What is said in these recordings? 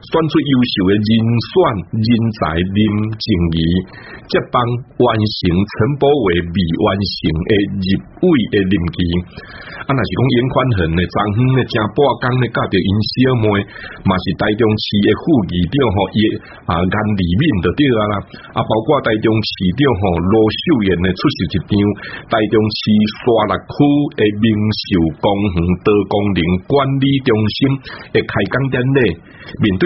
選出優秀嘅人選、人才、正才，接辦完成陳柏惟未完成嘅任務嘅任期。啊，若是講顏寬恆咧，昨昏咧正半工咧，加着因小妹，嘛是台中市嘅副議長吼，也啊顏莉敏就綴來啦，啊，包括台中市長吼盧秀燕咧出席一場台中市沙鹿區嘅民俗公園多功能管理中心嘅開工典禮，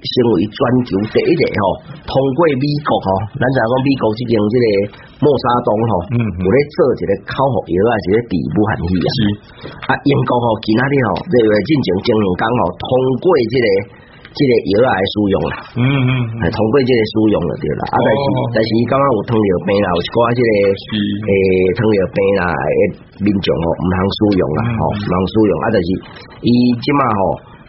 成為全球第一個吼，通過美國吼，咱知影講美國這邊這個莫沙東吼，嗯嗯有咧做這個口服藥啊，是咧治不寒氣啊。啊，英國吼，今仔日吼，即個進程證明剛好通過這個這個藥來使用啦。嗯，通過這個使、這個、用啦，嗯嗯嗯用就對啦。嗯嗯啊，但是嗯嗯但是，伊剛剛有糖尿病啦，我講下這個誒，糖尿病啦，誒，民眾吼，唔行使用啦，吼，唔行使用啊，但、就是伊即馬吼。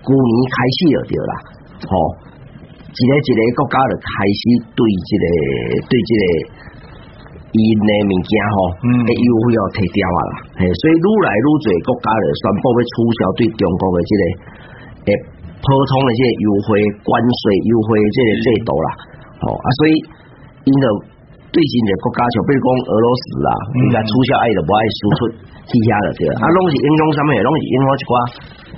舊年開始就對啦，吼、喔，一個一個國家就開始對這個對這個伊個物件吼，誒優惠要提掉啊啦，嘿，所以愈來愈儕國家就宣布要取消對中國嘅這個誒普通嘅些優惠關稅優惠，即個制度啦，吼、嗯喔，啊，所以伊個對進嘅國家就比如講俄羅斯啊，伊家取消愛就不愛輸出去他嘅對啦，啊攏是影響啥物，攏是影響一寡。